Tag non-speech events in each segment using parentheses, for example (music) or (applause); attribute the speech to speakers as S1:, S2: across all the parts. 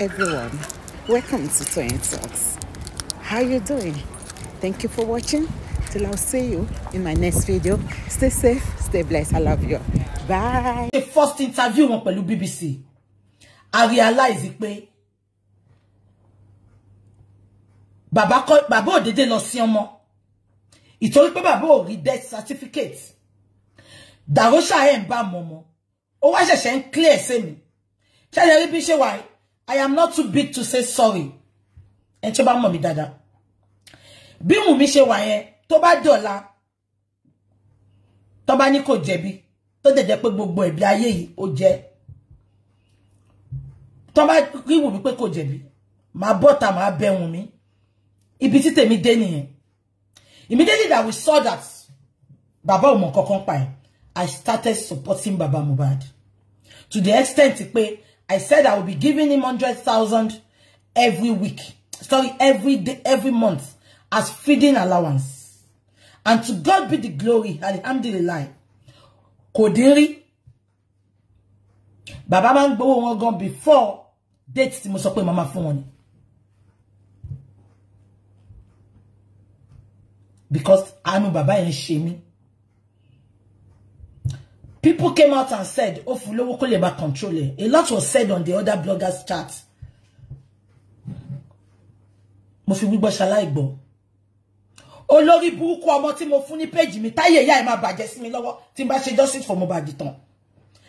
S1: everyone welcome to Twin Talks how you doing thank you for watching till I'll see you in my next video stay safe stay blessed I love you bye the first interview wọn pẹ̀lú BBC I realize pé bàbá ko bàbá ò dédé lọ sí ọmọ ìtorí pé bàbá ò rí death certificate Darosha ẹ̀ ń bá mọ̀mọ́ ó wá ṣẹ̀ṣẹ̀ ń clear sẹ́mi ṣẹ́yẹ rí bí ṣe why. I am not too big to say sorry. Ẹ tó bá mọ̀ mí dáadáa. Bí Wùmí ṣe wà yẹn tó bá dọ̀la tó bá ní kò jẹ̀bi tó dẹ̀ jẹ́ pé gbogbo ẹ̀bi ayé yìí ó jẹ́ tó bá rí Wùmí pé kò jẹ̀bi màá bọ́ta ma bẹ̀ mi. ibi tí tèmi dé nìyẹn immediately that we saw that bàbá ò mọ̀ kankan pa ẹ̀ I started supporting Baba Mohbad to the extent pé I said I will be giving him 100,000 every week. Sorry, every day, every month as feeding allowance. And to God be the glory, alhamdulillah. Kò dín rí. Bàbá máa ń wọn gan before date tí mo sọ pé màmá fún wọn ni. Because àánú bàbá yẹn ṣe mí. People came out and said, Oh, Fulowo Koleba controlling. A lot was said on the other bloggers' chat. Mo fi gbogbo ṣàlàyé gbọ́. Olórí burúkú ọmọ tí mo fún page mi táyé ìyá ẹ̀ bàjẹ́ sí mi lọ́wọ́ tí n bá ṣe for Mohbad tán.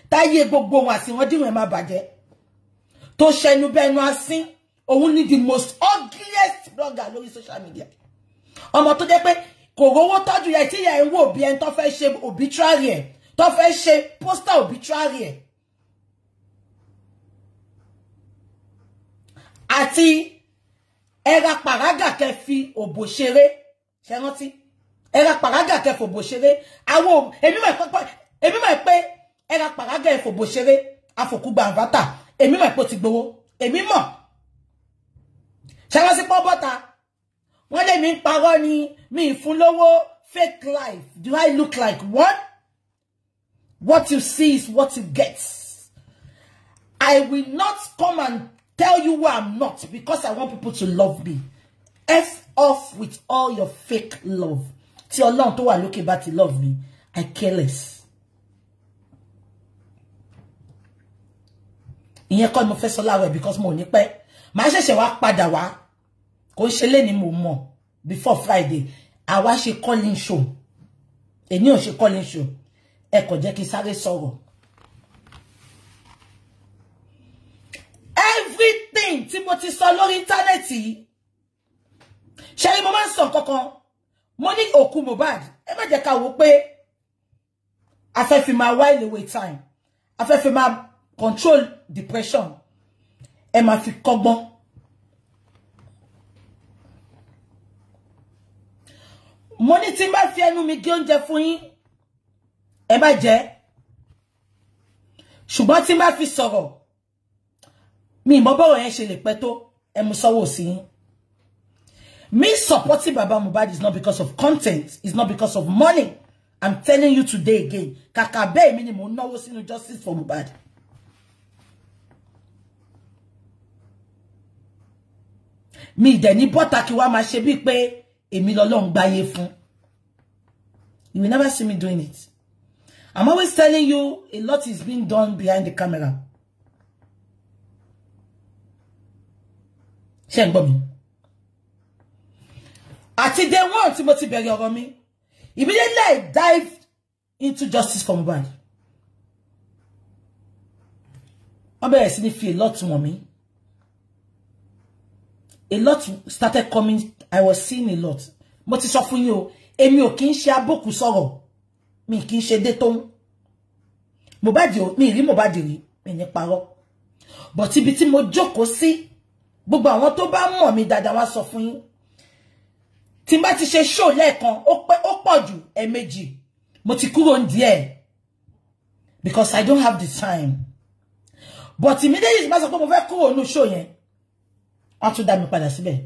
S1: Táyé gbogbo wọn àti wọn díwọ̀n ẹ̀ bàjẹ́. Tó ṣẹnu bẹnu asín. Òun ni the most ugliest blogger lórí social media. Ọmọ tó jẹ́ pé kò ya ìtí ìyá ẹ̀ wò bí tó fẹ́ ṣe obituary ẹ̀ tó fẹ́ ṣe poster obituary àti ẹra pàrágà kẹfì fi ṣeré ṣe rántí ẹra pàrágà ke òbò ṣeré Awo, èmi mọ̀ pé èmi mọ̀ pé ẹra pàrágà kẹfì òbò Afoku afòkúgba àvátà èmi mọ̀ pé ti gbowó èmi mọ̀ ṣe rántí pọ́ bọ́ta wọ́n lé mi parọ́ ni mi ì fún lówó fake life do I look like one. What you see is what you get. I will not come and tell you where I'm not because I want people to love me. F off with all your fake love. Tí long tó wà look about to love me. I care less. Ìyẹn kọ́ mo fẹ́ sọ láwẹ̀ because mo ní pẹ́. Màá se wá padà wá. Kò ń ṣe ni mo mọ̀ before Friday. I Àwa ṣe calling show. Èmi ò ṣe calling show ẹ kò jẹ́ kí sáré sọ̀rọ̀. everything tí mo ti sọ lórí íńtánẹ́ẹ̀tì yìí ṣe ni mo máa ń sọ mo ní òkú Mohbad ẹ má jẹ́ ká wò pé a fẹ́ fi while away time a fẹ́ fi control depression ẹ máa fi kọ́gbọ́n. mo ní tí bá fi ẹnu mi gé fún yín ẹ má jẹ́ ṣùgbọ́n tí bá fi sọ̀rọ̀ mi ìmọ̀ bọ́rọ̀ yẹn ṣe lè pẹ́ tó ẹ mú sọ́wọ́ sí me supporting Baba is not because of content it's not because of money I'm telling you today again kàkà bẹ́ẹ̀ mi ni mò ń sínú justice for mubad. mi dẹ̀ ní bọ́ta kí wá máa ṣe bíi pé èmi fún you will never see me doing it. I'm always telling you, a lot is being done behind the camera. Ṣé ń gbọ́ mi. Àti day one tí mo ti bẹ̀rẹ̀ Immediately I dived into justice for Mohbad. Wọ́n bẹ̀rẹ̀ sí ní fi a lot mommy. A lot started coming. I was seeing a lot. But it's often you. èmi ò kì í mi kì í ṣe dé tó ń Mohbad mi rí Mohbad rí mi ní parọ́ bọ̀ tíbi tí mo jókòó sí gbogbo àwọn tó bá mọ̀ mi dáadáa wá sọ fún yín tí n bá ti mo jokoo si gbogbo awon to ba mo mi daadaa wa so fun yin ti ba ti se show lẹ́ẹ̀kan ó pẹ́ ó pọ̀ jù ẹ̀ẹ̀mejì mo ti kúrò ń because I don't have the time but immediately bá sọ pé mo fẹ́ kúrò nínú show yẹn wọ́n tún dá mi padà síbẹ̀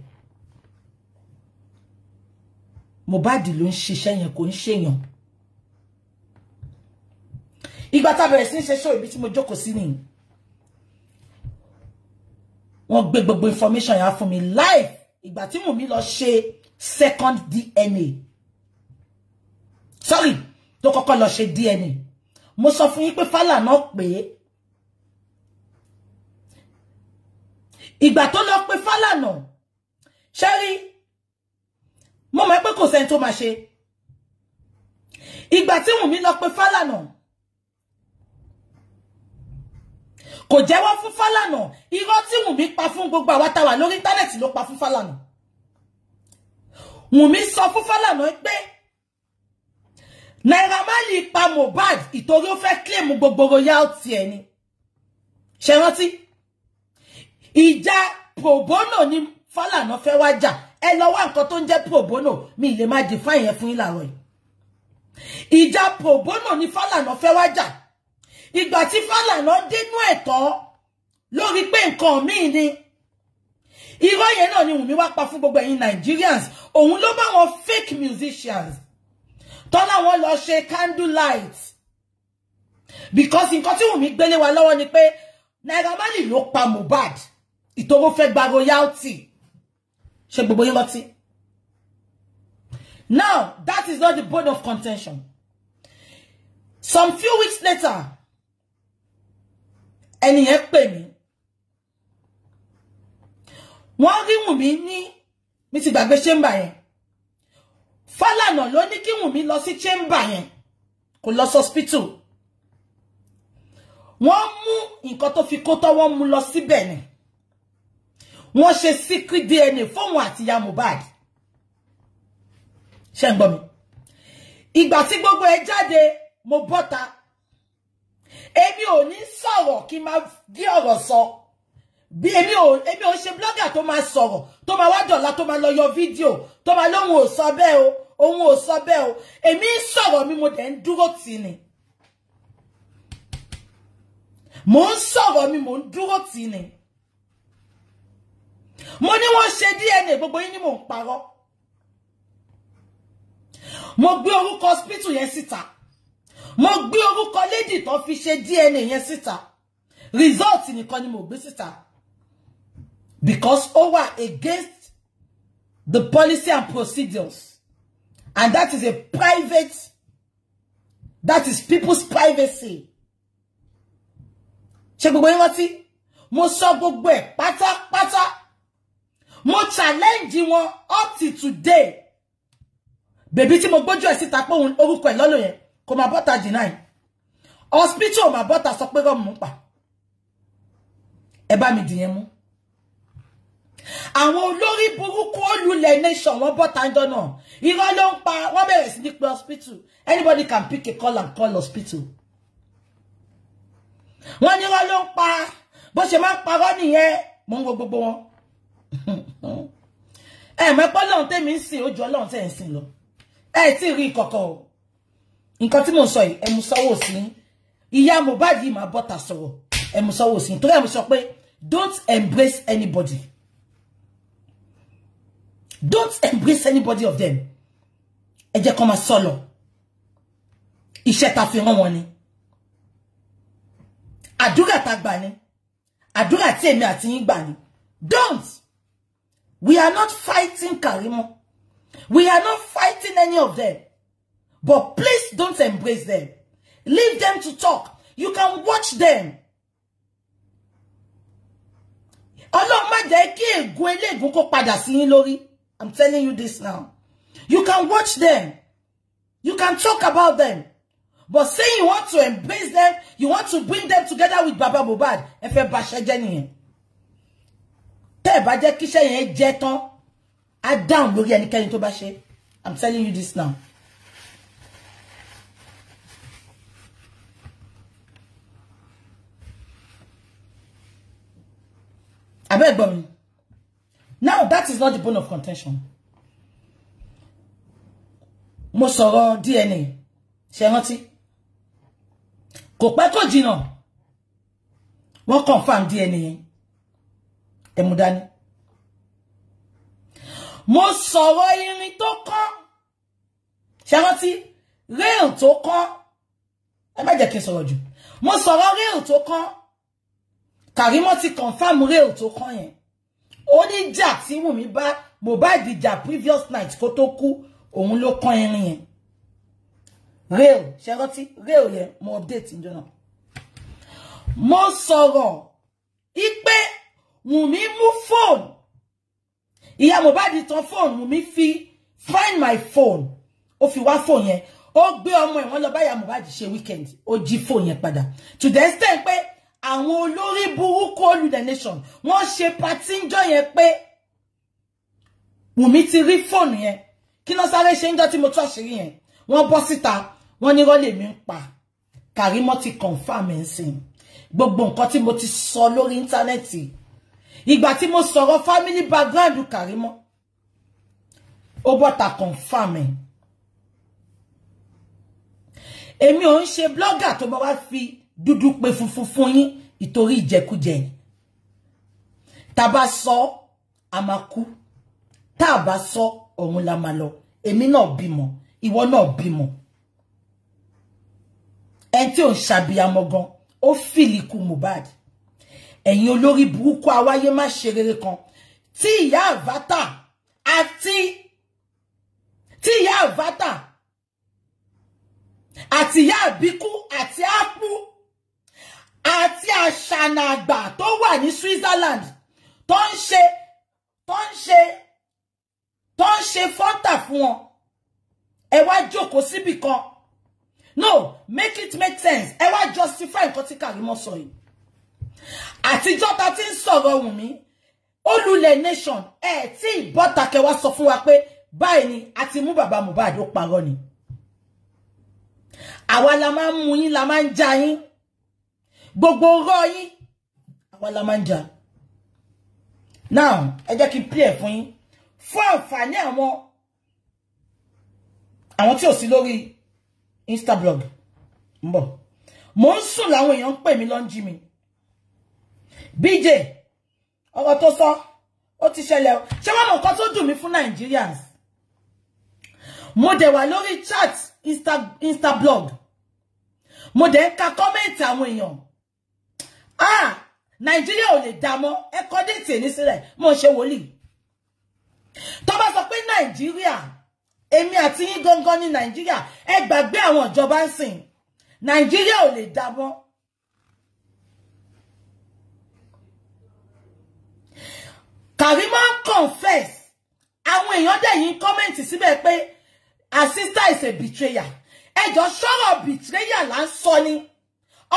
S1: Mohbad ló ń ṣiṣẹ́ yẹn kò ń ṣèyàn ìgbà tá bẹ̀rẹ̀ sí ṣe show ibi tí mo jókòó sí ni wọ́n gbé gbogbo information ya fún mi live ìgbà tí Wùnmí lọ ṣe second DNA sorry tó kọ́kọ́ lọ ṣe DNA mo sọ fún yín pé Ibato pé ìgbà tó lọ pé Fálànà ṣe rí mo mọ̀ pé kò sẹ́ni tó máa ṣe ìgbà tí Wùnmí lọ pé kò jẹ́wọ́ fún Fálànà irọ́ tí Wùnmí pa fún gbogbo àwa tá wà lórí íńtánẹ́ẹ̀tì ló pa fún Fálànà Wùnmí sọ fún Fálànà pé Naira Marley pa Mohbad ìtorí ó fẹ́ kílèmù gbogbo royalty ẹ̀ ṣe rántí ìjà probono ni Fálànà fẹ́ waja. ẹ lọ wá tó probono mi lè má define yẹn fún yín láàárọ̀ yìí ìjà probono ni Fálànà fẹ́ waja ìgbà tí Fálànà dénú ẹ̀tọ́ lórí pé nǹkan míì ni irọ́ yẹn náà ni Wùmí wá pa fún gbogbo ẹ̀yin Nigerians òun ló bá wọn fake musicians tọ́lá wọn lọ ṣe candlelight because nǹkan tí Wùmí gbélé wa lọ́wọ́ ni pé Naira Marley ló pa Mohbad ìtòwó fẹ́ gba royalty ṣe gbogbo yín now that is not the point of contention some few weeks later ẹni yẹn pè mí wọ́n rí Wùnmí ní mi ti gbàgbé chamber yẹn Fálànà ló ní kí Wùnmí lọ sí chamber yẹn kò lọ hospital wọ́n mú nǹkan tó fi kó tọ́wọ́ mú lọ síbẹ̀ ni wọ́n ṣe secret DNA fóun àti ìyá Mohbad ṣe ń gbọ́ mi ìgbà tí gbogbo ẹ jáde mo bọ́ta èmi ò ní sọ̀rọ̀ kí n máa bí ọ̀rọ̀ sọ bí èmi ò èmi ò ṣe blogger tó máa sọ̀rọ̀ tó máa wá dọ̀la tó máa lọ yọ fídíò tó máa lóhun ò sọ bẹ́ẹ̀ o òun ò oro so bẹ́ẹ̀ o èmi to maa lo yo video, to maa lohun o so sọ̀rọ̀ mi mo dẹ̀ dúró tì ní mo sọ̀rọ̀ mi mo dúró tì ní mo ní wọ́n ṣe DNA gbogbo yín ni mò ń parọ́ mo paro mo orúkọ hospital yẹn síta mo gbé orúkọ lady tó fi ṣe DNA yẹn sister. result nìkan ni mo gbé sister. because over against the policy and procedures and that is a private that is people's privacy ṣe gbogbo yín rántí mo sọ gbogbo ẹ̀ pátápátá mo challenge wọn up to today bèbí tí mo gbójú ẹ̀ síta pé orúkọ ẹ̀ lọ́lọ́ yẹn kò máa bọ́ta deny hospital máa bọ́ta sọ pé rọ́ọ̀mù ń pa ẹ bá mi dìyẹn mú àwọn olórí burúkú olùlẹ̀ nation wọ́n bọ́ta ń dọ́nà irọ́ ló ń pa wọ́n bẹ̀rẹ̀ sí ní pé hospital anybody can pick a call and call hospital wọ́n ní irọ́ ló ń pa bó ṣe máa ń parọ́ nìyẹn mò ń wo gbogbo wọn (laughs) ẹ mẹ́pọ́ lọ́hún tèmi ń sìn ojú ọlọ́hún tẹ̀ ń lọ ẹ tí rí kọ̀kọ̀ nǹkan tí mò ń sọ yìí ẹmu sọwọ sí ìyá Mohbad yìí máa bọ́ta sọ̀rọ̀ ẹmu sọwọ sí torí ẹmu sọ pé don't embrace anybody don't embrace anybody of them ẹ jẹ́ kó máa sọ lọ iṣẹ́ ta fi rán wọn ni àdúrà ta gbà ni àdúrà tí èmi àti yín gbà ni don't we are not fighting Karimo we are not fighting any of them. But please don't embrace them. Leave them to talk. You can watch them. ma kó lórí. I'm telling you this now. You can watch them. You can talk about them. But saying you want to embrace them, you want to bring them together with Baba Mohbad, ẹ fẹ́ ba ṣẹ́ nìyẹn. ẹ bá jẹ́ ẹnikẹ́ni ṣe. I'm telling you this now. abeg now that is not the bone of contention of all, DNA ṣe rántí kò pẹ́ kò jìnnà wọ́n confam DNA yẹn ẹ̀mú dání mo sọ̀rọ̀ irin tó kán ṣe rántí rail tó kán ẹ má jẹ́ kí n sọ̀rọ̀ jù mo sọ̀rọ̀ tó kán. Karimo ti confirm rẹ̀ ò tó kàn yẹn ó ní jà tí Wùmí bá Mohbad Jack previous night kó tó kú òun ló kàn irin yẹn rẹ̀ ò ṣe rántí rẹ̀ ò yẹn mo update njọ náà mo sọ̀rọ̀ ipe Wùmí mú phone ìyá Mohbad tan phone Wùmí fi find my phone ó fi wá phone yẹn ó gbé ọmọ ẹ̀ wọ́n lọ bá ìyá Mohbad ṣe weekend ó jí phone yẹn padà to the extent pé àwọn olórí burúkú olú the nation wọ́n ṣe patí ń jọ yẹn pé Wùmí ti rí fóònù yẹn kí ló sáré ṣe ń jọ tí mo tú àṣírí yẹn wọ́n bọ́ síta wọ́n ní rọ́lẹ̀ mi ń pa Kàrímọ́ ti confam ẹ̀ ń sìn gbogbo nǹkan tí mo ti sọ lórí íńtánẹ́ẹ̀tì ìgbà tí mo sọ̀rọ̀ family background Kàrímọ́ ó bọ́ta confam ẹ̀ èmi ò ń ṣe blogger tó bá wá fi dúdú pé funfun fún yín ìtorí ìjẹkújẹ yín tá bá sọ a máa kú tá bá sọ ọ̀run la máa lọ èmi náà bímọ ìwọ náà bímọ ẹni tí ò ń ṣàbíyamọ gan ó fìlìkù Mohbad ẹ̀yin olórí burúkú awáyé má ṣe rere kan tí ìyá àvátà àti tí ìyá àvátà àti ìyá àbíkú àti ápú àti àṣàna àgbà tó wà ní Switzerland tó ń ṣe tó Ewa ṣe tó ṣe fọ́ńtà fún wọn ẹ wá síbì kan no make it make sense ẹ wá justify nǹkan tí Karimo sọ yìí àtijọ́ ta ti ń sọ̀rọ̀ olùlẹ̀ nation ẹ̀ tí ke kẹwa sọ fún wa pé báyìí ni ati mú bàbá Mohbad ó parọ́ ni àwa la máa mú yín la máa já yín. gbogbo ọ̀rọ̀ yín àwa la now ẹ jẹ́ kí n pè ẹ̀ fún yín fún àǹfààní àwọn àwọn tí ò sí lórí instablog ń bọ̀ mò ń sùn làwọn èèyàn ń pè mí lọ́njì mi BJ ọ̀rọ̀ tó sọ ó ti ṣẹlẹ̀ o ṣé wọ́n mọ̀ nǹkan tó dùn mí fún Nigerians mo dẹ̀ wà lórí chat insta, insta blog mo dẹ̀ ń ka kọ́mẹ́ǹtì àwọn èèyàn ah nàìjíríà ò lè dá mọ́ ẹ kọ́ dé tèmi sílẹ̀ mo ṣe wòlíì tó bá sọ pé nàìjíríà èmi àti yín gangan ní nàìjíríà ẹ gbàgbé àwọn ìjọba ń sìn nàìjíríà ò lè dá mọ́. Karimo confess àwọn èèyàn dẹ̀ yín kọ́mẹ́ǹtì síbẹ̀ pé her sister is a betrayer ẹjọ́ sọ̀rọ̀ betrayer là ń ni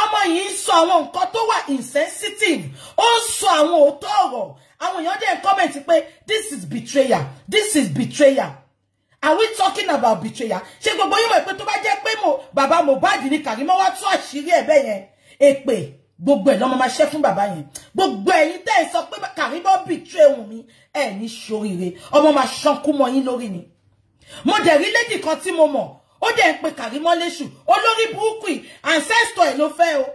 S1: ọmọ yìí ń sọ àwọn nǹkan tó wà insensitive ó ń sọ àwọn òótọ́ ọ̀rọ̀ àwọn èèyàn dẹ̀ ń pé this is betrayal this is betrayal are we talking about betrayal ṣé gbogbo yín mọ̀ pé tó bá jẹ́ pé mo bàbá Mohbad ní Karimo wá tú àṣírí ẹ̀ bẹ́ẹ̀ yẹn èpè gbogbo ẹ̀ lọ́mọ máa ṣẹ́ fún bàbá yẹn gbogbo ẹ̀yin tẹ́ ẹ̀ sọ pé Karimo betray Wunmi ẹ̀ ní ṣoríire ọmọ máa ṣankú mọ́ yín lórí ni mo dẹ̀ rí lédì kan tí mo mọ̀ ó dẹ̀ ń pe Kàrímọ́ léṣù olórí burúkú yìí ancestor ẹ̀ ló fẹ́ o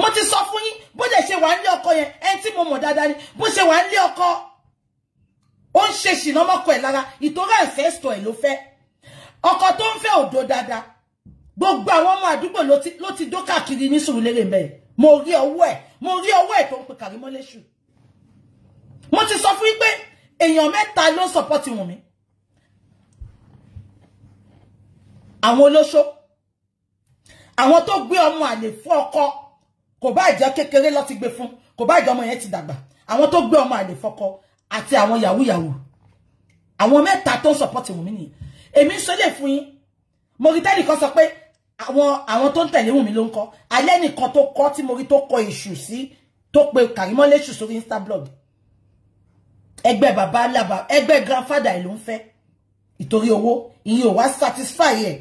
S1: mo ti sọ fún yín bó dẹ̀ ṣe wà nílé ọkọ yẹn ẹni tí mo mọ̀ dáadáa ni bó ṣe wà nílé ọkọ ó ń ṣe ṣìnà mọ́kọ ẹ̀ lára ìtorí ancestor ẹ̀ ló fẹ́ ọkọ tó ń fẹ́ òdo dáadáa gbogbo àwọn ọmọ àdúgbò ló ti dó káàkiri ní Sùúrùlérè mẹ́rin mo rí ọwọ́ ẹ̀ mo rí ọwọ́ ẹ̀ tó ń pe Kàrímọ́ mo ti sọ fún yín pé èèyàn mẹ́ta ló ń sọpọ́tì Wùnmí àwọn olóṣó àwọn tó gbé ọmọ àlè fún ọkọ kò bá jẹ́ kékeré ló ti gbé fún kò bá jẹ́ ọmọ yẹn ti dàgbà àwọn tó gbé ọmọ àlè fọ́kọ àti àwọn yahoo yahoo àwọn mẹ́ta tó ń support Wùnmí nìyẹn èmi ń sọlẹ̀ fún yín mo rí tẹ́lẹ̀ kan sọ pé àwọn àwọn tó ń tẹ̀lé Wùnmí ló ń kọ́ alẹ́ nìkan tó kọ́ tí mo rí tó kọ èṣù sí tó pe Kàrímọ́ léṣù sórí blog. ẹgbẹ́ bàbá alábà ẹgbẹ́ grandfather ẹ̀ ló ń ìtorí owó ìyẹn ò wá satisfy ẹ̀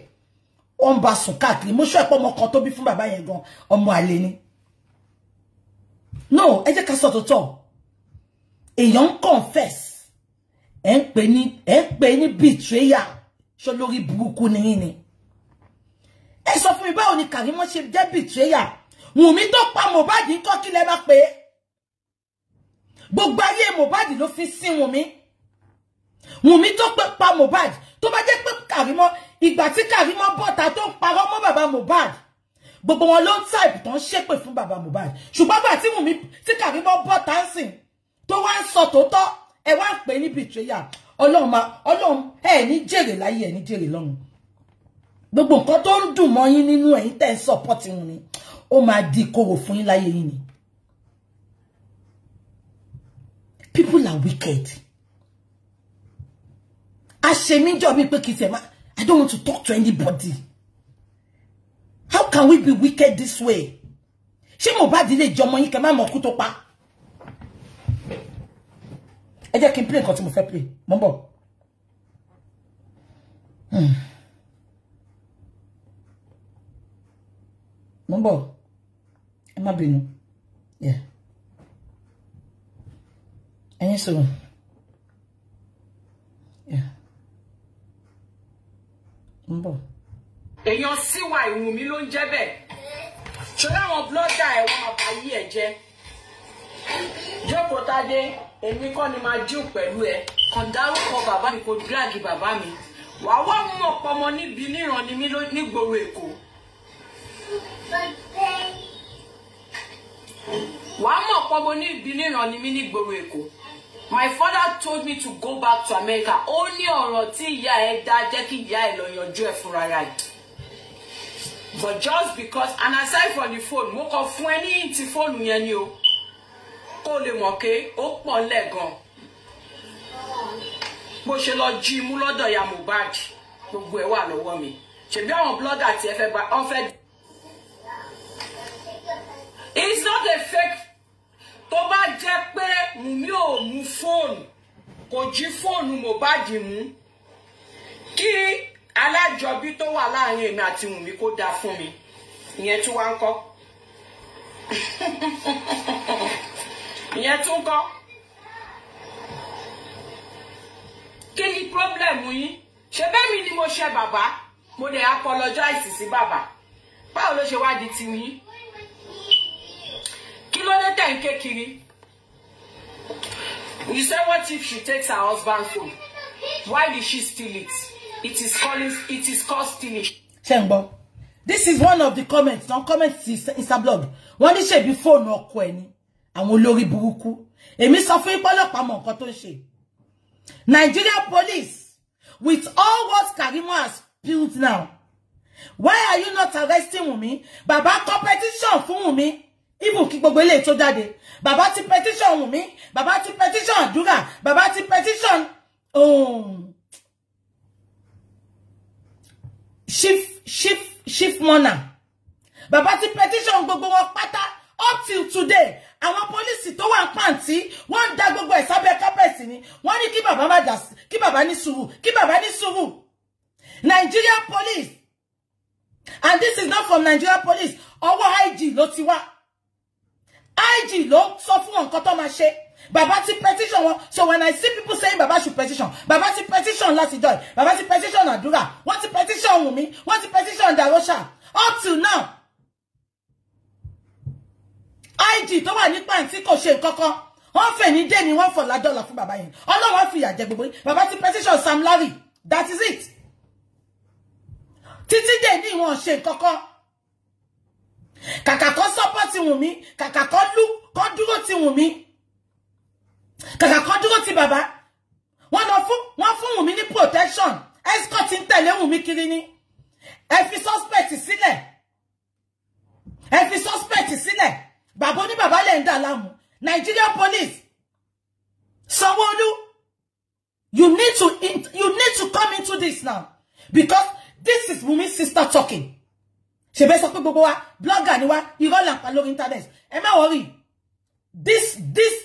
S1: ó ń ba sùn káàkiri mo sọ ẹ̀pọ̀ ọmọ kan bí fún bàbá yẹn gan ọmọ àlè ni no ẹ jẹ́ ká sọ tòótọ́ èèyàn ń confess ẹ̀ ń pè ní ẹ̀ ń pè ní betrayal ṣó lórí burúkú nìyí ni ẹ sọ fún mi báwo ni Kàrímọ́ ṣe jẹ́ betrayal Wùnmí bawo ni karimo se de betrayal wunmi to pa Mohbad ń kọ́ kí lẹ bá pé gbogbo ayé Mohbad ló fi sin Wùnmí Wùnmí tó pé pa Mohbad tó bá jẹ́ pé Kàrímọ́ ìgbà tí tó parọ́ mọ́ bàbá gbogbo wọn ló fún bàbá gbà tí tí wá ń pè ní bìtìrẹ́yà ọlọ́run gbogbo nǹkan tó ń dùn mọ́ tẹ́ ń sọ́pọ́tì wọn ni ma e ni jere laye e ni jere gbogbo to mo yin ninu eyin te won ni o di fún láyé yín ni people are wicked àṣemíjọ́ bíi pé kìí I don't want to talk to anybody. How can we be wicked this way? Ṣé Mohbad lè jọmọ yín kẹ́ má mọ̀ kú tó pa? Ẹ jẹ́ kí play nǹkan tí mo fẹ́ play. Mo ń bọ̀. Hmm. Mo ń Ẹ má bínú. ń bọ̀. èèyàn síwá ìwùn mi ló ń jẹ́ bẹ́ẹ̀ ṣọlá àwọn blọ́dà ẹ̀ wọ́n máa bá yí ẹ̀ jẹ́ jókòó tádé èmi kọ́ ni máa jíù pẹ̀lú ẹ kàn dárúkọ bàbá mi kò dírágì bàbá mi wàá wá mú ọ̀pọ̀ ọmọ níbi níran ni mí nígboro èkó wàá mú ọ̀pọ̀ ọmọ níbi níran ni mí nígboro èkó my father told me to go back to America ó ní ọ̀rọ̀ tí ìyá ẹ dá jẹ́ kí ìyá ẹ lọ yanjú ẹ fúnra rẹ̀ but just because and aside from the phone mo kọ fún ẹ ní ti fóònù yẹn ni o kó lè mọ̀ pé ó pọ̀ lẹ́gàn bó ṣe lọ jí imú lọ́dọ̀ ya Mohbad gbogbo ẹ̀ wà lọ́wọ́ mi ṣèbí àwọn blogger tí ẹ fẹ́ bá ọ fẹ́. it's not a fake tó bá jẹ́ pé Wùmí ò mú fóònù kò jí fóònù Mohbad mú kí alájọbí tó wà láàrin èmi àti Wùmí kó dáa fún mi ìyẹn tún wá ń kọ́ (laughs) ìyẹn tún kọ́ kí ni problem yín ṣe bẹ́ẹ̀ mi ni mo ṣe bàbá mo dẹ̀ apologize sí bàbá báwo ló ṣe wá di tiwọn yín ló dé kiri you say what if she takes her husband phone why did she steal it it is calling it is called stealing. ṣe this is one of the comments don comment sí instablog wọ́n ní ṣèbí fóònù ọkọ ẹ̀ ni àwọn olórí burúkú èmi sọ fún ìpọ́lọ́pàá mọ̀ nǹkan tó ń ṣe Nigeria police with all what Karimo has built now why are you not arresting Wunmi baba competition fún Wunmi even kí gbogbo eléyìí tó jáde bàbá ti petition Wùmí bàbá ti petition àdúrà bàbá ti petition Oh, chief chief chief mona bàbá ti petition gbogbo wọn pátá up till today àwọn pólísì tó wà pàǹtí wọ́n ń da gbogbo ẹ̀ sábẹ́ kápẹ́ẹ̀tì ni wọ́n ní kí bàbá má jà kí bàbá ní sùúrù kí bàbá ní sùúrù Nigerian police and this is not from Nigeria police ọwọ́ IG ló ti wá. IG ló sọ fún nǹkan tó máa ṣe bàbá ti petition wọn so when i see people saying bàbá should petition bàbá ti petition láti joy bàbá ti petition àdúrà wọ́n ti petition Wùmí wọ́n ti petition Darosha up to now IG tó wà ní pàǹtí kò ṣe nǹkan kan wọ́n fẹ́ ní dé ni wọ́n fọ̀ ládọ́là fún won la dollar yẹn ọlọ́wọ́ fi ìyà jẹ gbogbo yín bàbá ti petition Sam Larry that is it títí dé ní wọn ṣe nǹkan kàkà kọ́ sọ́pọ́tì Wùnmí kàkà kọ́ lú kọ́ dúró ti Wùnmí kàkà kọ́ dúró ti bàbá wọ́n lọ fún wọ́n fún ní protection escort tin tẹ̀lé Wùnmí kiri ni ẹ fi suspect sílẹ̀ ẹ fi suspect sílẹ̀ bàbá oní bàbá lè ń dà Nigerian police Someone you need to you need to come into this now because this is Wùnmí sister talking ṣèbẹ́ sọ pé gbogbo wa blogger ni wa irọ́ là pa lórí internet ẹ má wọrí this this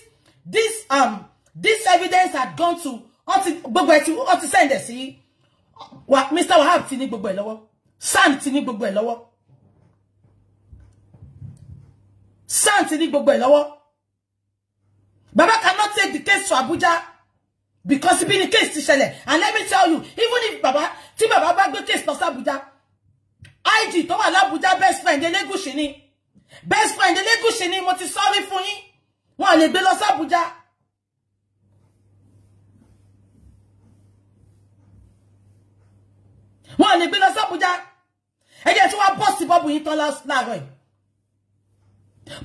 S1: this um this evidence had gone to ọtí gbogbo ẹ ti ọtí send ẹ sí wa Mr Wahab ti ní gbogbo ẹ lọ́wọ́ Sam ti ní gbogbo ẹ lọ́wọ́ Sam ti ní gbogbo ẹ lọ́wọ́ Baba cannot take the case to Abuja because been ni case to ṣẹlẹ̀ and let me tell you even if Baba tí Baba bá gbé case to Abuja. IG tó wà l'Abuja best friend Elégùṣì ni best friend Elégùṣì ni mo ti sọ́rí fún yín wọn lè gbé lọ s'Abuja. wọn lè gbé lọ s'Abuja ẹ jẹ́ tí wọ́n bọ́ sí bọ́ọ̀bù yìí tán láàárọ̀ yìí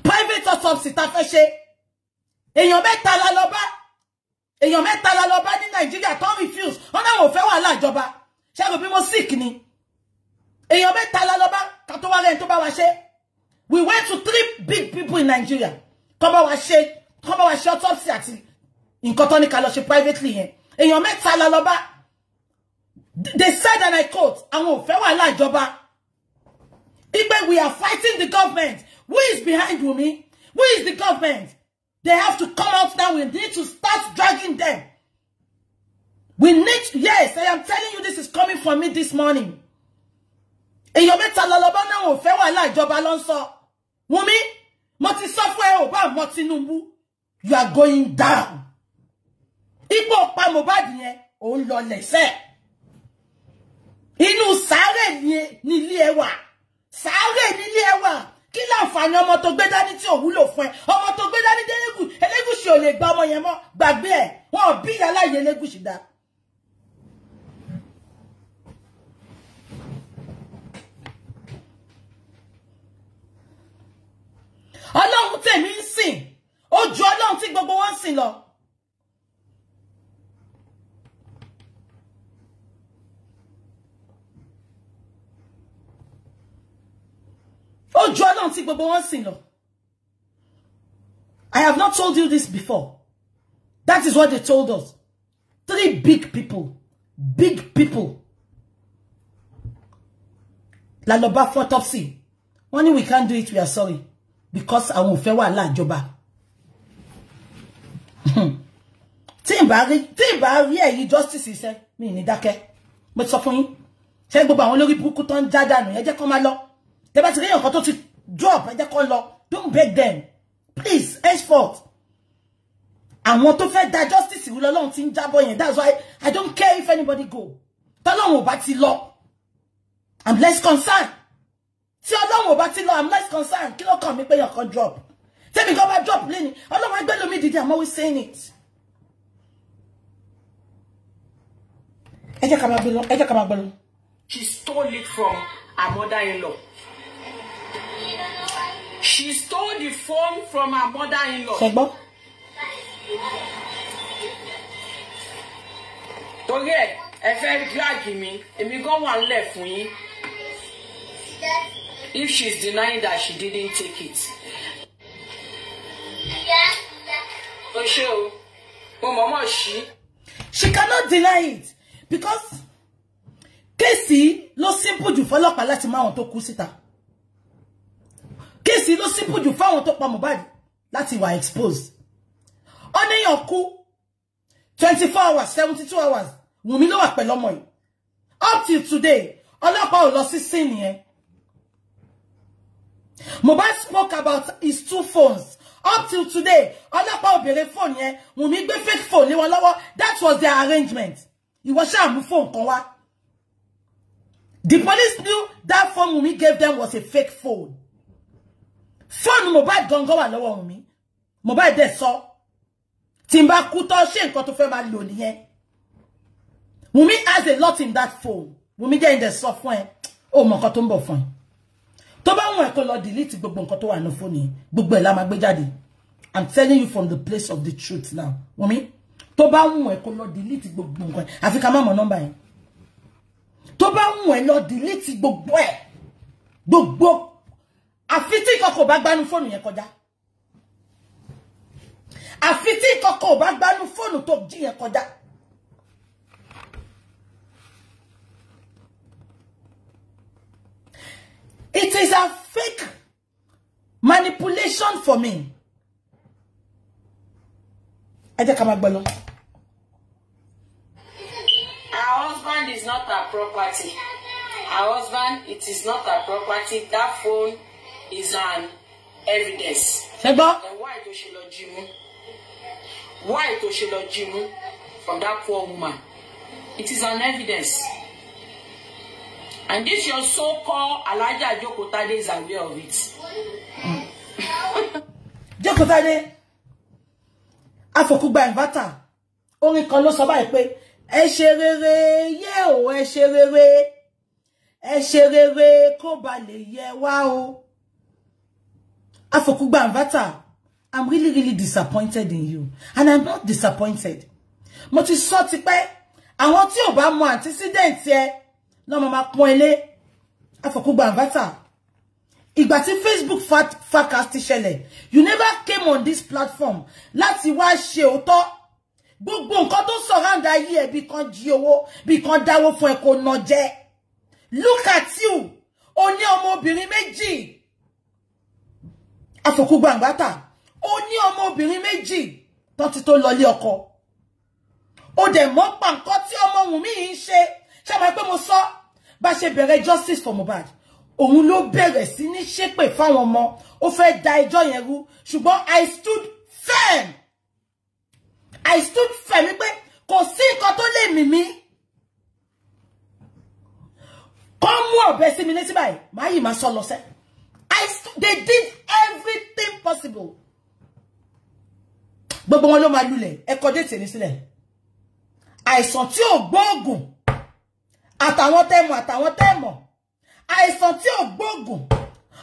S1: private autopsy ta fẹ́ ṣe èèyàn mẹ́ta la lọ bá èèyàn mẹ́ta la lọ bá ní Nàìjíríà tó refuse wọn náà wò fẹ́ wàhálà ìjọba ṣẹ́gun bí mo sick ni èèyàn mẹ́ta met talaloba, bá kan tó wá rẹ̀ tó bá wa re we went to three big people in Nigeria kọ́ bá wa ṣe kọ́ bá wa In Kotoni àti privately yẹn èèyàn met talaloba, they said and I quote àwọn ò fẹ́ wàhálà joba." Even we are fighting the government who is behind me? who is the government they have to come out now we need to start dragging them we need yes I am telling you this is coming from me this morning èèyàn mẹ́ta lọ́lọ́bọ́ náà ò fẹ́ wàhálà ìjọba ló ń sọ sọ ò bá mọ Tinubu you are going down ipò pa Mohbad yẹn òun lọ lẹ́sẹ̀ inú sáré nílé ẹwà sáré nílé ẹwà kí láǹfààní ọmọ tó gbé dání tí ò wúlò fún ẹ ọmọ tó gbé dání délégùn Elégùṣì ò lè gba mọ́ ọlọ́run tèmi ń sìn ó ju ọlọ́run tí gbogbo wọn ń sìn lọ. ó ju ọlọ́run tí gbogbo wọn sìn lọ. I have not told you this before. That is what they told us. Three big people. Big people. La Loba autopsy. Only we can't do it, we are sorry because àwọn ò fẹ́ wàhálà ìjọba tí n bá rí tí n bá rí èyí justice iṣẹ́ mi ní dákẹ́ mo sọ fún yín ṣé gbogbo àwọn olórí burúkú tó ń já dànù ẹ jẹ́ kó máa lọ tẹ́ bá ti rí nǹkan tó ti drop ẹ jẹ́ kó lọ don't beg them please henceforth àwọn tó fẹ́ da justice ìwúlọ lọ́hùn ti ń jábọ̀ yẹn that's why I don't care if anybody go tọ́lọ́hùn ò bá ti lọ I'm less concerned tí ọlọ́run ò bá ti lọ i'm less concerned kí ló kàn mí pé ọkàn drop tẹ́mi kan bá drop lẹ́ni ọlọ́run ẹgbẹ́ lómi dìde i'm always saying it. ẹ jẹ́ ká máa gbé lọ ẹ jẹ́ ká máa gbé lọ. she stole it from her mother-in-law. she stole the phone from her mother-in-law. ṣẹgbọ́n. torí ẹ ẹ fẹ́ drag mi èmi gan wà ń lẹ̀ fún yín. if she's denying that she didn't take it. Yeah. yeah. Oh, mama, she. She cannot deny it because Casey ló simple jù fọ́lọ́pàá láti máa wọn tó kusita. Casey ló simple jù fáwọn tó pa Mohbad láti wà exposed. Ó níyàn kú twenty four hours seventy two hours Wùmí ló wà pẹ̀lú ọmọ up till today all of our losses seen here. Mubai spoke about his two phones. Up till today, Ọlọ́pàá obere phone yẹn, Wunmi gbé fake phone That was their arrangement. Ìwọ was mú phone The police knew that phone we gave them was a fake phone. Phone Mohbad don't go Wunmi. Mohbad dẹ̀ sọ. they saw. Timba kú shen ṣe fema tó fẹ́ has a lot in that phone. Mumi get in the software. Oh, mọ nǹkan phone tó bá wọn kó lọ delete gbogbo nǹkan tó wà no phone yìí gbogbo ẹ̀ la máa gbé jáde i'm telling you from the place of the truth now Wunmi tó bá wọn kó lọ delete gbogbo nǹkan àfi ká má mọ̀ number yẹn tó bá wọn lọ delete gbogbo ẹ̀ gbogbo àfi tí koko bá gbanu phone yẹn kọjá àfi tí koko bá gbanu phone tó jí yẹn kọjá It is a fake manipulation for me. I jẹ́ ká máa gbọ́ lọ. husband is not her property. Our husband, it is not her property. That phone is an evidence. Ṣé gbọ́? why tó she lọ jí Why tó she lọ jí from that poor woman? It is an evidence. And this your so-called Alaja Jokotade is aware of it. (laughs) Jokotade, afọkúgba inverter, Invata. Only ló sọ báyìí pé, ẹ ṣe rere, yẹ o, kó lè yẹ wá o. Afọkúgba I'm really, really disappointed in you. And I'm not disappointed. But ti sọ I pẹ́, you tí ò bá mọ antecedent yẹn, náà máa pọ́n ilé afọ̀kúgba àbátà ìgbà tí Facebook fat ti ṣẹlẹ̀ you never came on this platform láti wá ṣe oto gbogbo nǹkan tó sọ̀ràǹdà ayé ẹ̀ bí kan jí owó bí kan dáwó fún ẹ nà jẹ look at you Oni omo ọmọbìnrin méjì afọ̀kúgba àbátà Oni omo ọmọbìnrin méjì tó ti tó lọlé ọkọ o dẹ̀ mọ́ pàǹkọ́ tí ọmọ wùnmí yìí pé mo sọ bá ṣe bẹ̀rẹ̀ justice for ló bẹ̀rẹ̀ sí ní ṣépè ó fẹ́ da ẹjọ́ yẹn rú ṣùgbọ́n I stood firm I stood firm sí nǹkan tó lè kọ́ mú ọ̀bẹ sí mi létí obe máa lọ sẹ́ I they did everything possible gbogbo wọn ló máa lulẹ̀ ẹ̀kọ́ dé tèmi sílẹ̀ àìsàn tí ò àtàwọn tẹmọ àtàwọn tẹmọ àìsàn tí ò gbóògùn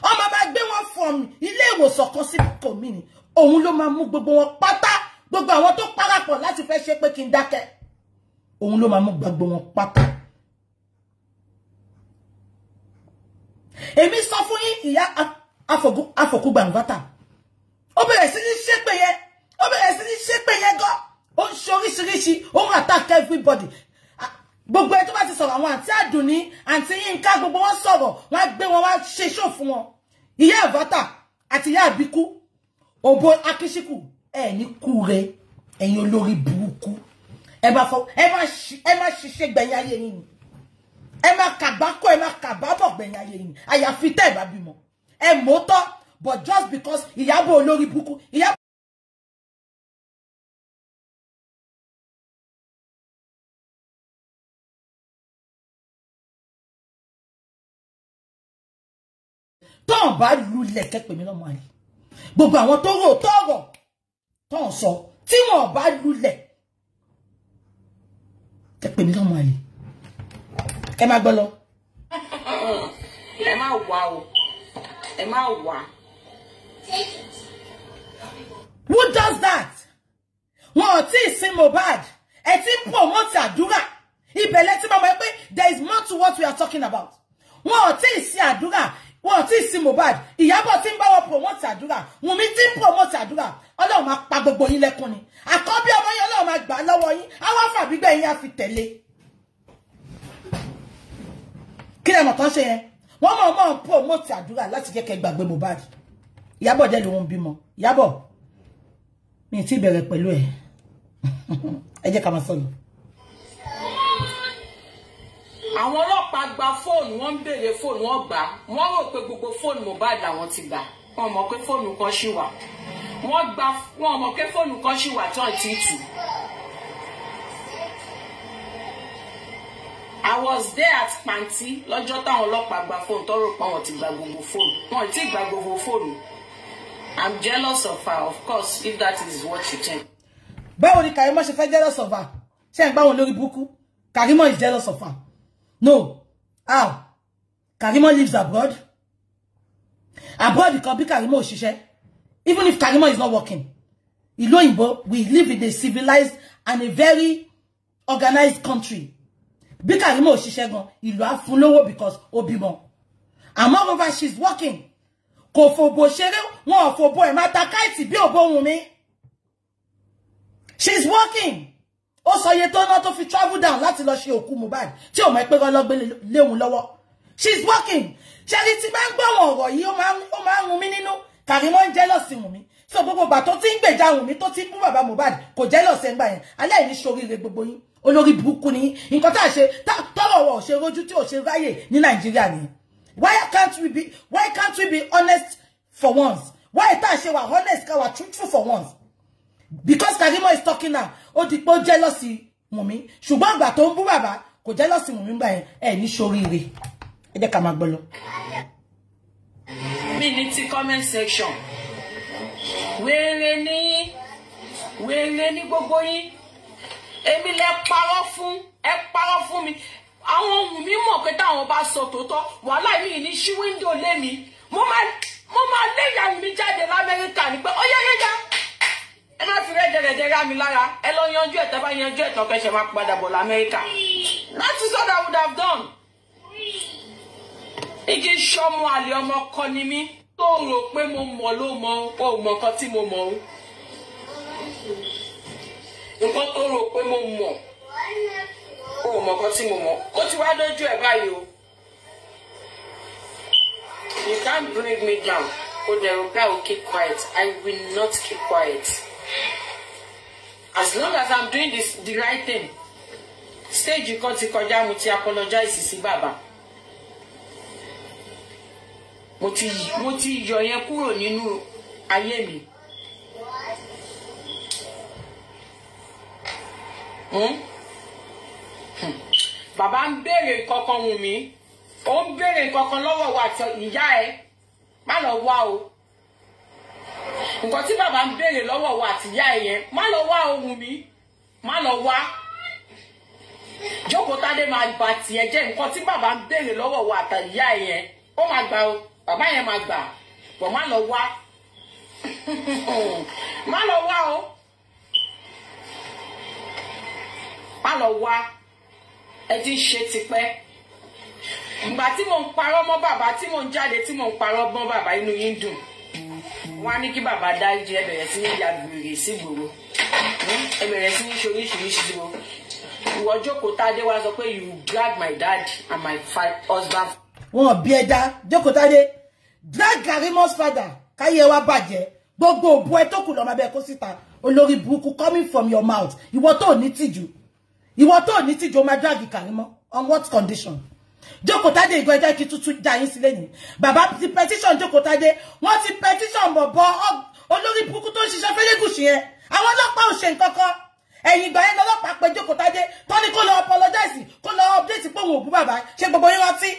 S1: ọmọ bá gbé wọn from ilé ìwòsàn kan sí kòmí ni òun ló máa mú gbogbo wọn pátá gbogbo àwọn tó parapọ̀ láti fẹ́ ṣe pé kí n dákẹ́ òun ló máa mú gbogbo wọn pátá. èmi sọ fún yín ìyá afọkúgbàǹgọ́tà ó bẹ̀rẹ̀ sí ní ṣépè yẹn ó bẹ̀rẹ̀ sí ní ṣépè yẹn gan ó ń ṣe oríṣiríṣi ó ń attack everybody gbogbo ẹ tó bá ti sọ̀rọ̀ àwọn àǹtí àdùnní àǹtí yínká gbogbo wọn sọ̀rọ̀ wọn gbé wọn wá ṣe ṣó fún wọn ìyá àbátà àti ìyá àbíkú òbó akíṣíkù ẹ ní kú rẹ ẹ̀yin olórí ya biku ẹ má ṣiṣẹ́ gbẹ̀yìn ayé yín ni ẹ má kàbákò ẹ má kàbábọ̀ gbẹ̀yìn ayé yín àyàfi tẹ́ ẹ bá ba ẹ mọ́tọ́ but just because ìyàbọ̀ olórí burúkú ìyàbọ̀. tọ́n bá lulẹ̀ kẹ́pẹ́ mi lọ́mọ àlè gbogbo àwọn tó rò tọ́rọ̀ tọ́n sọ tí wọ́n bá lulẹ̀ kẹ́pẹ́ mi lọ́mọ àlè ẹ má gbọ́ lọ. ẹ má wà o ẹ má wà. who does that? wọn ò tí ì sin Mohbad ẹ ti ń promote àdúrà ibẹ̀ lẹ́tí máa mọ̀ pé there is more to what we are talking about wọn ò tí àdúrà wọn ti sin Mohbad Ìyábọ̀ tí ń bá wọn promote àdúrà Wùnmí tí ń promote àdúrà Ọlọ́run máa pa gbogbo yín lẹ́kùn ni àkọ́bí ọmọ yín Ọlọ́run máa gbà lọ́wọ́ yín àwọn fàbígbẹ yín á fi tẹ̀lé kí lẹ mọ̀ tán ṣe yẹn wọ́n mọ̀ mọ̀ promote àdúrà láti jẹ́ kẹ́ gbàgbé Mohbad Ìyábọ̀ jẹ́ lòun bímọ Ìyábọ̀ mi ti bẹ̀rẹ̀ e ẹ̀ (laughs) ẹ jẹ́ ká máa sọ̀rọ̀ àwọn ọlọ́pàá gba fóònù wọ́n ń béèrè fóònù wọ́n gbà wọ́n rò pé gbogbo fóònù Mohbad làwọn ti gbà wọ́n mọ̀ pé fóònù kan ṣì wà wọ́n gba wọ́n mọ̀ pé fóònù kan ṣì wà tán ti tù. I was there at panti lọ́jọ́ táwọn ọlọ́pàá gba fóònù tọ́rọ pa wọ́n ti gba gbogbo fóònù wọ́n ti gba gbogbo fóònù I'm jealous of her of course if that is what you think. báwo ni Karimo ṣe fẹ́ jealous of her ṣé ẹ̀ ń gbá wọn lórí burúkú Karimo is jealous of her No. How? Karimo lives abroad. Abroad, because can be Karimo Oshishe. Even if Karimo is not working. Iloyinbo, we live in a civilized and a very organized country. Bí Karimo Oshishe gan, ìlú á fún because ó bímọ. And moreover, she's working. Kò fòbò ṣeré, wọn ò fòbò ẹ̀ máa ta bí òbó wùn She's working. ó sọ iye tó ná tó fi travel down láti lọ ṣe òkú Mohbad tí ò mọ̀ pé wọ́n lọ́gbé léhun lọ́wọ́ she is working ṣẹ́ni ti máa ń gbọ́ àwọn ọ̀rọ̀ yìí ó máa ń run mí nínú Karimo ń jẹ́lọ̀sì wùn mí so gbogbo ìgbà tó ti ń gbèjà wùn mí tó ti ń bú bàbá Mohbad kò jẹ́lọ̀sì ẹ̀ ń gbà yẹn aláìní ṣoríire gbogbo yín olórí burúkú ni nǹkan tá a ṣe tọrọ wọ ṣe rojú tí ò ṣe ráyè ní Nàìjíríà ni why can't we be why can't we be honest for once why tá a ṣe wà honest ká wà truthful for once because Karimo is talking now ó di pé ó jẹ́lọ́sì Wùnmí ṣùgbọ́n àgbà tó ń bú bàbá kò jẹ́lọ́sì Wùnmí gbà yẹn ẹ̀ ní soríire ẹ jẹ́ ká máa gbọ́ lọ. mi ní ti comment section wéré ní wéré ní gbogbo yín èmi lẹ parọ́ fún ẹ parọ́ fún mi àwọn ohun mi mọ̀ pé táwọn bá sọ tòótọ́ wàhálà mi ní ṣí wíńdò lé mi mo máa lé ìyàwó mi jáde lamẹ́ríkà ni pé ó yá yá yá ẹ má fi rẹ́jẹrẹ́jẹ rá mi lára ẹ lọ yanjú ẹ̀ tẹ́fà yanjú ẹ̀ tán kẹsẹ̀ máa padà bọ̀ lamẹ́ríkà that is would have done. igi sọmọ àlè ọmọ kọ ni mí tó rò pé mo mọ̀ ló mọ o mọ nǹkan tí mo mọ̀ o nǹkan tó rò pé mo mọ̀ o mọ nǹkan tí mo mọ̀ ó ti wá dójú ẹ̀ báyìí o you can't bring me down. Oderuka will keep quiet. I will not keep quiet as long as i'm doing this the right thing stage kan ti kọjá mo ti apologize sí bàbá mo ti mo ti yọ yẹn kúrò nínú ayé mi. Hmm? Hmm. bàbá ń béèrè kankan wù mí ó ń béèrè kankan lọ́wọ́ wa àti ìyá ẹ má lọ wá o nǹkan tí bàbá ń béèrè lọ́wọ́ wa àtìyá ẹ̀ yẹn má lọ wá ohun mi má lọ wá jókòó tádé máa bà tiẹ̀ jẹ́ nǹkan tí bàbá ń béèrè lọ́wọ́ wa àtìyá ẹ̀ yẹn ó máa gbà o bàbá yẹn máa gbà bọ̀ má lọ wá (laughs) má lọ wá o má lọ wá ẹ ti ń ṣe tipẹ́ ìgbà tí mò ń parọ́ mọ́ bàbá tí mò ń jáde tí mò ń parọ́ mọ́ bàbá inú yín dùn wọn á ní kí bàbá dáríjì ẹ sí ní ya gbèrè sí gbòòrò hmm? ẹ sí ní ṣoríṣiríṣi gbòòrò ìwọ jókòó tádé wá sọ pé you drag my dad and my husband. wọn bí ẹja jókòó tádé drag Karimo's father káyé wa bàjẹ́ gbogbo òbu ẹ tó kù lọ́mọ abẹ́ kó síta olórí burúkú coming from your mouth ìwọ tó ní tìjú ìwọ tó ní tìjú o máa drag Karimo on what condition. Jókòtádé ìgò ẹjẹ́ kí tuntun já yín sílé ni bàbá ti petition Jókòtádé wọ́n ti petition bọ̀bọ̀ olórí burúkú tó ń ṣiṣẹ́ fẹ́lẹ́gùsì yẹn àwọn ọlọ́pàá ò ṣe nǹkan kan ẹ̀yìn ìgbà yẹn lọ́lọ́pàá pé Jókòtádé tó ní kó lọ apologize kó lọ update pé òun ò bú bàbá ṣe gbogbo yín rántí.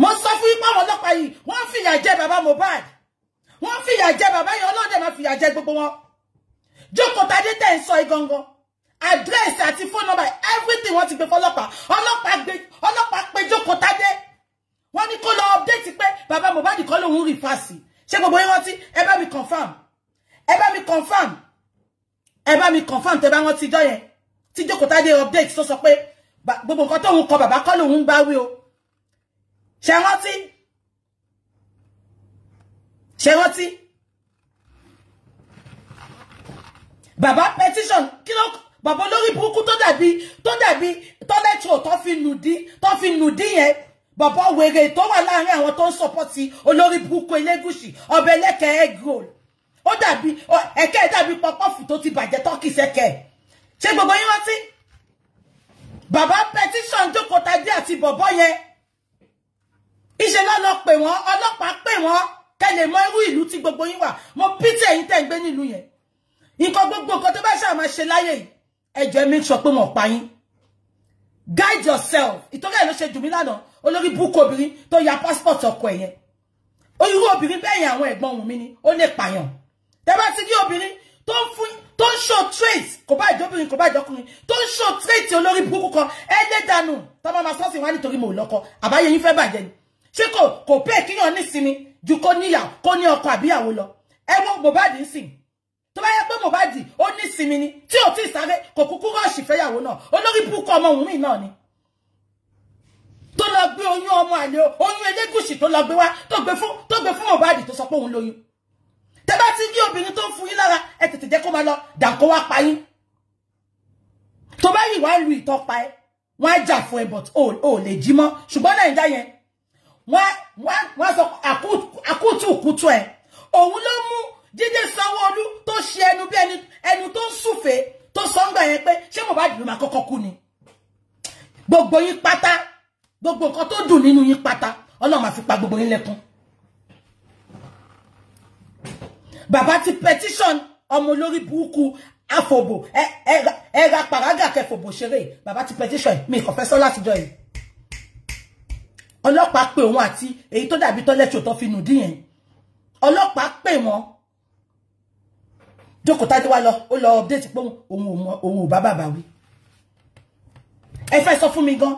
S1: mo sọ fún yín pé àwọn ọlọ́pàá yìí wọ́n fìyà jẹ bàbá Mohbad wọ́n fìyà jẹ bàbá yẹn ọlọ́dẹ máa fìyà jẹ gbogbo wọn Jókòtádé tẹ̀ ń sọ igangan address àti phone number everything wọ́n ti gbé fọlọ́pàá ọlọ́pàá gbé ọlọ́pàá pé jókòó tádé wọ́n ní kó lọ update pé bàbá Mohbad kọ́ lòun rí fásì ṣé gbogbo yín rántí ẹ bá mi confirm ẹ bá mi confirm ẹ bá mi confirm tẹ bá wọn ti jọ yẹn tí jókòó tádé update So sọ pé gbogbo nǹkan tóun kọ bàbá kọ́ lòun bá wí o ṣe rántí ṣe rántí bàbá petition kí bàbá Lori Buku tó dàbí tó dàbí tọ́lẹ́tò tó nùdí tó fi nùdí yẹn bàbá wèrè tó wà láàrin àwọn tó ń sọpọ́tì olórí Buku Elegushi Obeleke ẹlẹ́kẹ̀ ó dàbí ẹ̀kẹ́ dàbí pọpọ́fù tó ti bàjẹ́ tọ́kì sẹ́kẹ̀ ṣé gbogbo yín rántí bàbá pẹtíṣàn jókòó tají àti bọ̀bọ́ yẹn ìṣe lọ́nà pè wọ́n ọlọ́pàá pè wọ́n kẹlẹ̀ mọ irú ìlú tí gbogbo yín wà mo pítẹ̀ yín tẹ̀ ń gbé nílùú yẹn nǹkan gbogbo nǹkan tó bá ṣáà máa ṣe láyé yìí ẹ jẹ́ make sure pé wọ́n pa guide yourself ìtọ́jú ẹ̀ ló ṣe dùn mí lánàá olórí búkú obìnrin tó ya passport ọkọ ẹ̀ yẹn obirin. obìnrin bẹ́ẹ̀ yẹn àwọn ẹ̀gbọ́n òun mi ni ó lè pààyàn tẹ́ bá ti ní obìnrin tó ń fún tó ń show trait kò bá ìjọbìnrin kò bá ìjọkùnrin tó show trait olórí búkú kan ẹ lé dànù tọ́mọ máa sọ́ọ̀sì wá nítorí mò lọ́kọ àbáyé yín fẹ́ bàjẹ́ ni ṣé kò kò pé kíyàn nísìnyí ju kó níyà kó ní ọkọ àbíyàwó lọ ẹ wọ́n Mohbad ń tó bá yẹ pé Mohbad ó ní sinmi ni tí ò tí sáré kò kúkú rọ́ọ̀ṣì fẹ́yàwó náà olórí burúkú ọmọ òun mi náà ni tó lọ gbé oyún ọmọ àlè oyún elégùsì tó lọ gbé wá tó gbé fún tó gbé fún Mohbad tó sọ pé òun lóyún tẹ bá ti ni obìnrin to ń fún yín lára ẹ tètè ko kó máa lọ dàkó wá pa yín tó bá yìí wá lu ìtọ́pa ẹ wọ́n á jà fún ẹ but ò lè jí mọ́ ṣùgbọ́n nàìjíríà yẹn wọ́n sọ akutu kútù ẹ òun ló mú Jídé Sanwó-Olú tó ṣe ẹnu bí ẹni ẹnu tó ń tó sọ ńgbà yẹn pé ṣé Mohbad ló máa kọ́kọ́ kú ni gbogbo yín pátá gbogbo nǹkan tó dùn nínú yín pátá Ọlọ́run ma fi pa gbogbo yín lẹ́kún bàbá ti petition ọmọ olórí burúkú àfòbò ẹ ra pàrágà kẹfòbò ṣeré bàbá ti petition mi kò fẹ́ sọ látijọ́ yìí ọlọ́pàá pè wọ́n àti èyí tó dàbí tọ́lẹ́tì ò tó fi nù díyẹn ọlọ́pàá pè wọ́n Doko tí wà lọ ó lọ update pé òun ò mọ òun ò bá bàbá wí ẹ fẹ́ sọ fún mi gan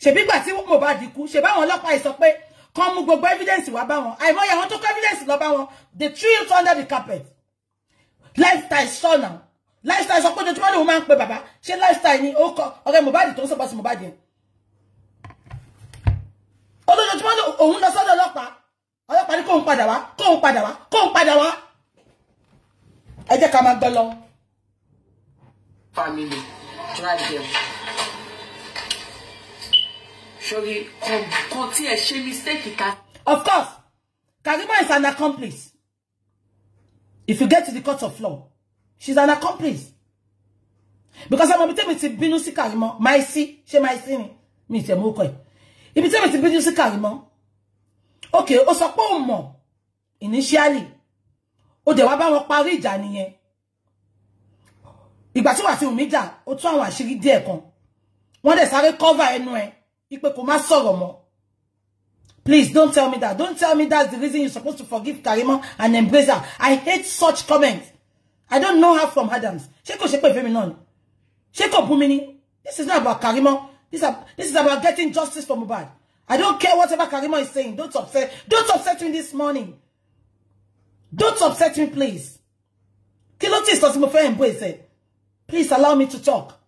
S1: ṣèbí gbà tí Mohbad kú ṣèbá àwọn ọlọ́pàá ẹ sọ pé kan mú gbogbo evidence wá bá wọn àìmọye àwọn tó evidence lọ bá wọn they threw under the carpet lifestyle sọ náà lifestyle sọ pé ojoojúmọ́ lòun máa ń pe bàbá ṣé lifestyle ni ó kọ ọ̀rẹ́ di tó ń sọ̀bọ̀ sí Mohbad yẹn olójoojúmọ́ òun lọ sọ́dọ̀ ọlọ́pàá ọlọ́pàá ní kóun padà wá kóun padà wá kóun padà wá ẹ jẹ́ ká máa gbọ́ lọ. family drag them sori kan tí ẹ ṣe mistake ká. of course Karima is an accomplice if you get to the court of law she's an accomplice because ọmọ ibi tẹ́mi ti bínú sí Karimo máa sí ṣé máa sí ni mi ìtẹ̀mú ọkọ̀ ẹ̀ ibi tẹ́mi ti bínú sí Karimo okay ó sọ pé òun mọ̀ initially ó dẹ̀ wá bá wọn parí ìjà nìyẹn ìgbà tí Wasiu mi jà ó tún àwọn àṣírí díẹ̀ kan wọ́n dẹ̀ sáré cover ẹnu ẹ̀ ipe kò má sọ̀rọ̀ mọ́ Please don't tell me that. Don't tell me that's the reason you're supposed to forgive Karima and embrace her. I hate such comments. I don't know her from Adams. Ṣé kò ṣe pé ìfẹ́ mi náà kò This is not about Karima This, is this is about getting justice for Mohbad. I don't care whatever Karima is saying. Don't upset. Don't upset me this morning. Don't upset me, please. Kilotis ló my friend, boy. Say, Please allow me to talk.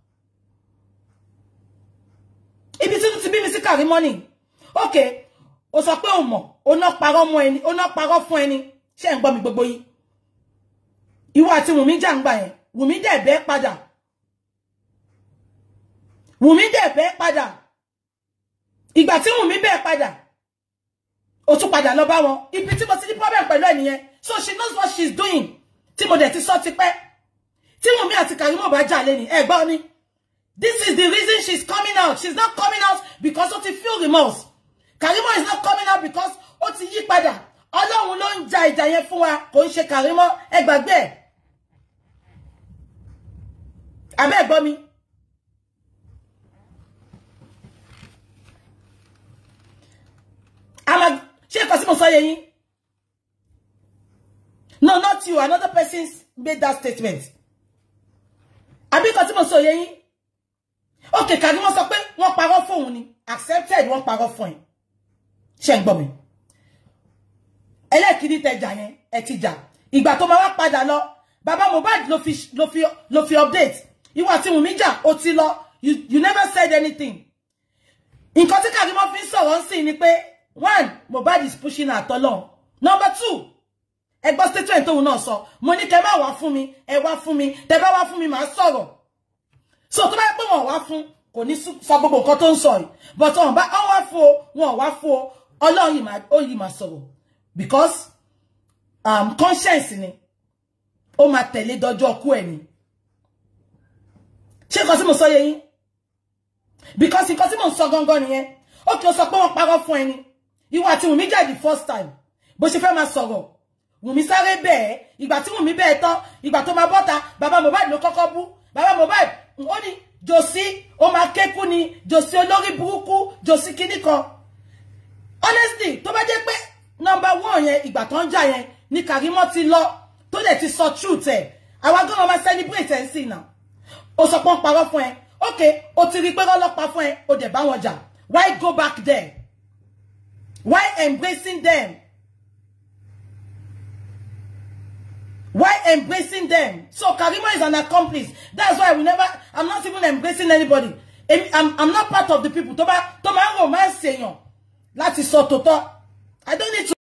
S1: Ibi tí ti bí mi sí Karimo ni. Okay. Ó sọ pé ó mọ̀, ó ná parọ́ mọ́ ẹni, ó ná parọ́ fún ẹni. Ṣé ń gbọ́ mi gbogbo yìí. Ìwọ àti Wùmí jà ńgbà be Wùmí dẹ̀ bẹ́ padà. Wùmí dẹ̀ bẹ́ padà. Ìgbà tí Wùmí bẹ́ ó tún padà lọ bá wọn ibi tí mo ti problem pẹ̀lú ẹnìyẹn so she knows what she's doing tí mo dẹ̀ ti sọ ti pẹ́ tí Wunmi àti Karimo bá jà lẹ́ni ẹ gbọ́ ni this is the reason she's coming out she's not coming out because ó ti feel remorse Karimo is not coming out because ó ti yí padà Ọlọ́run ló ń ja ìjà yẹn fún wa kò ń Karimo ẹ gbàgbé abẹ́ gbọ́ mi. I'm a, ṣé nǹkan tí mo no not you another person made that statement àbí nǹkan tí mo sọ ok kàdí wọ́n sọ pé wọ́n parọ́ fóun ni accepted wọ́n parọ́ fún ẹ ṣe ń gbọ́ mi ẹlẹ́ẹ̀kìíní tẹjà yẹn ẹ ti jà ìgbà tó máa wá padà lọ bàbá Mohbad ló fi ló fi ló fi update ìwà tí Wùnmí jà ó ti lọ you, you never said anything nǹkan tí kàdí wọ́n fi ni pé one Mohbad is pushing her tọ́lọ́n number two ẹgbọ́n statement tóun náà sọ mo ní kẹ má wá fún mi ẹ wá fún mi tẹ bá wá fún mi màá sọ̀rọ̀ so tó bá yẹ pé wọn wá fún kò ní sọ gbogbo nǹkan tó ń but on ọ wá fún o wọn wá fún o ọlọ́run yìí máa ó yìí máa sọ̀rọ̀ because um, conscience ni ó máa tẹ̀lé dọjọ́ kú ẹ̀ ni ṣé nǹkan tí mo sọ yẹ yín because nǹkan tí mo sọ gangan nìyẹn ó kì í sọ pé wọ́n parọ́ fún ẹni ìwọ àti Wùnmí jẹ́ the first time bó ṣe fẹ́ máa sọ̀rọ̀ Wùnmí sáré bẹ́ẹ̀ ìgbà tí Wùnmí bẹ́ẹ̀ you ìgbà tó máa bọ́ta bàbá Mohbad no kọ́kọ́ bàbá Mohbad ó ní jòsí ó máa kékú Josie, jòsí olórí burúkú jòsí kinní honestly tó bá jẹ́ pé one yẹn ìgbà tó ń jà yẹn ni Kàrímọ́ ti lọ tó dẹ̀ ti sọ truth ẹ̀ àwa gan máa celebrate ẹ̀ sí náà ó sọ pé ó ń ẹ ok ó ti rí pé rọ́lọ́pàá fún ẹ ó dẹ̀ bá wọn jà why go back there why embracing them? Why embracing them? So Karima is an accomplice. That's why we never, I'm not even embracing anybody. I'm, I'm not part of the people. Tomorrow, tomorrow, man, Señor. That is so total. I don't need to.